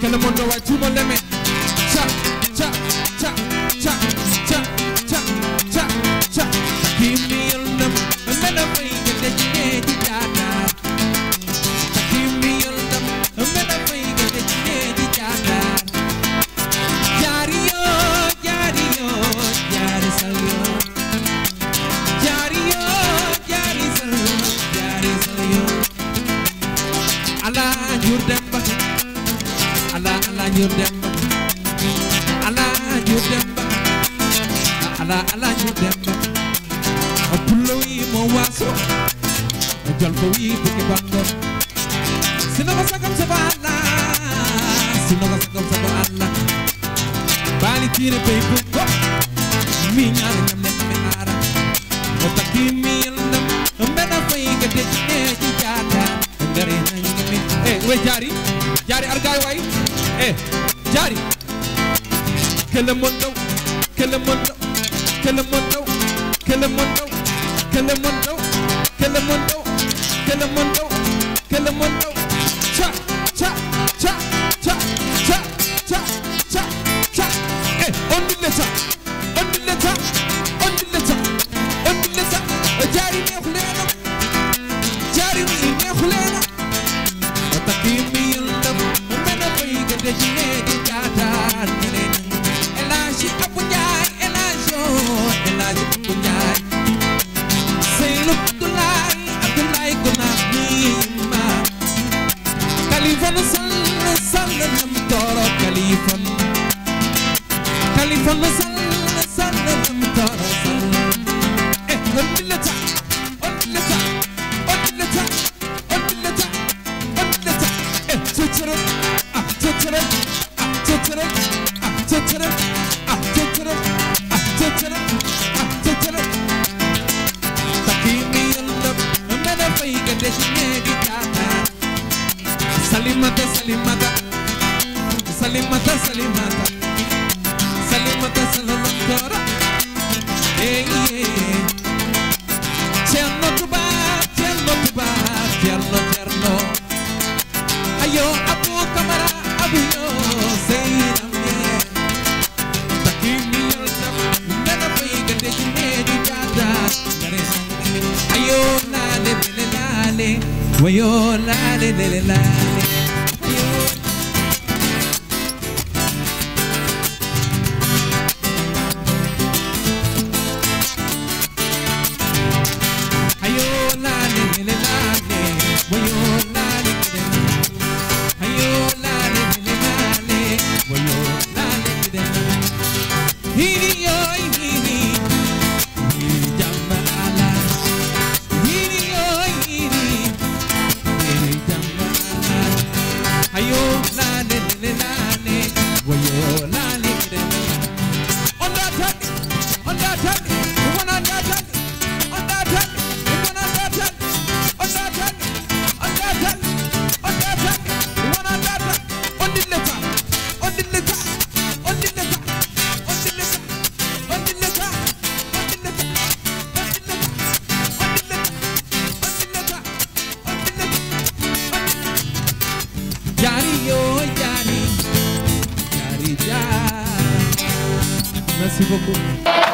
Kele mondo wa tumo leme como guaso Yo al cubito que Si no vas a con Si no vas a con sabana Vale tire pei buco Minha linha me amara Ota ki mi elam Mbena feinga de e de jata Ngare na yunga me Eh, we jari Jari argai wai Eh, jari Kelemondo Kelemondo Kelemondo Kelemondo, Kelemondo, Kelemondo, Kelemondo, cha, cha, cha. the lale, wayo lale lele lale. Merci beaucoup.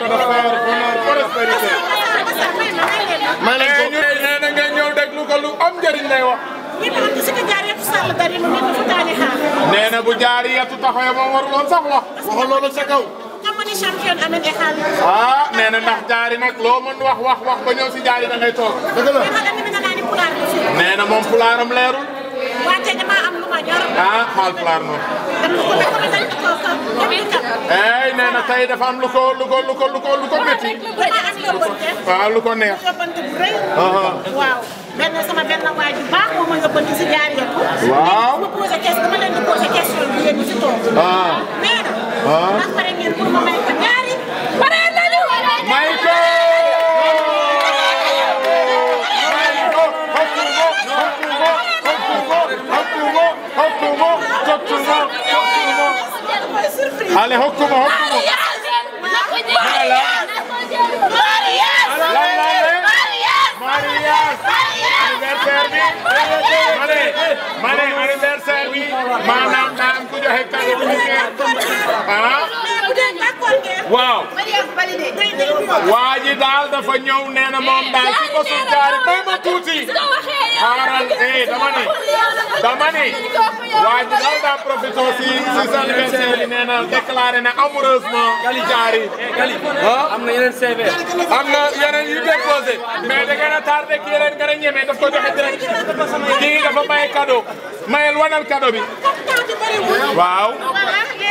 transfert bonheur prospérité. may nañ ko nee na ngeen ñëw déglu ko lu am njëriñ lay wax. nee na bu jaari yatu taxawee moom warul woon sax wax. waxal loolu sa kaw. ah nee na ndax jaari nag loo mën wax wax wax ba ñëw si jaari da ngay toog. dëgg la nee na moom pulaaram leerul. wante dama am lu ma ñor. ah Haalpulaar moom. ay nee na tey dafa am lu ko lu ko lu waaw ah, lu ko neex. waaw. benn sama benn waay baax moom nga bëgg si jaar yëpp. waaw ma posé question dama si toog. ah nee na. Ah. Ale hokkumo hokkumo Mala Marias Marias anniversaire bi mane mane anniversaire bi maanaam daan ku joxe cadeau bu neex waaw waa ji daal dafa ñëw nee na moom daal ci bosu jaari may ma tuuti xaaral eh, eh dama ni dama ni waa ji daal daa profité si si sa anniversaire bi nee na déclaré na amoureusement Kali Diary. Eh, ah am na yeneen CV. am na yeneen yu déposé. mais da ngeen a tardé kii leen gën a ñeme daf ko joxe direct kii dafa maye cadeau mayel wanal cadeau bi waaw. léegi euh,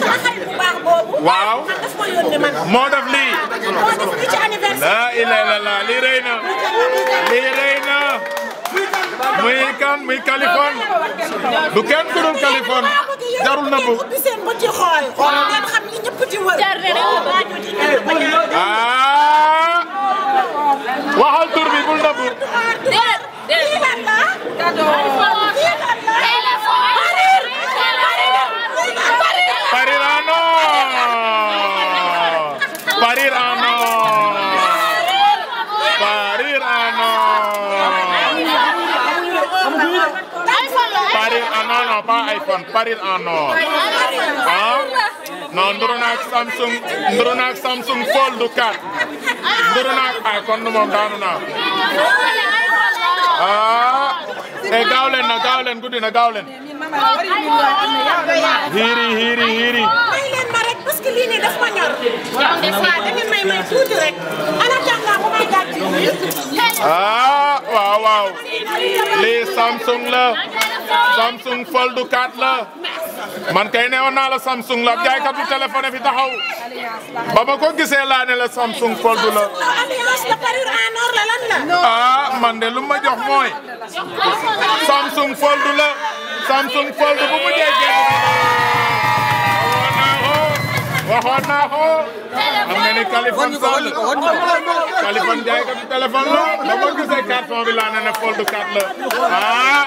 sama xarit bu baax boobu. waaw daf ma yónni man. moo def lii. moo def lii ci anniversaire. laa ilaaha illallaah lii rëy ah non non pas iPhone Paris en or ah non nduru naag Samsung nduru naag Samsung Fold 4 nduru naag ay ah, kon moom daanu naa ah te eh, gaaw leen na gaaw leen guddi na gaaw leen. hiiri hiiri hiiri. parce que lii nii daf ma ñor. waaw da ngeen may may tuuti rek. ana tàngaay bu may gàcce. ah waaw waaw. lii Samsung la. Samsung Fold 4 la man kay newoon naa la Samsung la jaaykatu téléphone fi taxaw ba ma ko gisee laa la Samsung Fold la ah man de lu ma jox mooy Samsung Fold la Samsung Fold mu jéggee waxoon naa ko xam nga ni Kaliphone Sall Kaliphone ma bi laa ne ne Fold 4 la ah.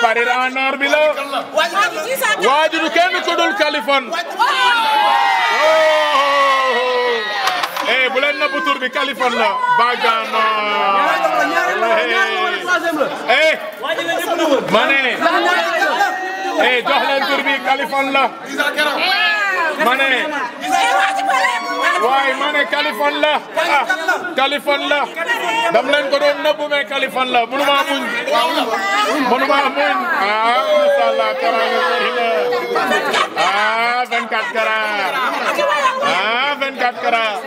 parir en or bi la. waajur kenn ku dul Kaliphone. Oh! eh bu leen nëbb tur bi Kaliphone la. Bagano. Eh. eh. ma ne. eh jox leen tur bi Kaliphone la. ma ne. waaye ma ne Kaliphone la ah Kaliphone la dam leen ko doon nëbbu mais Kaliphone la mënuma muñ mënuma muñ ah macha allah teraanga bëri la ah 24 carats ah 24 carats.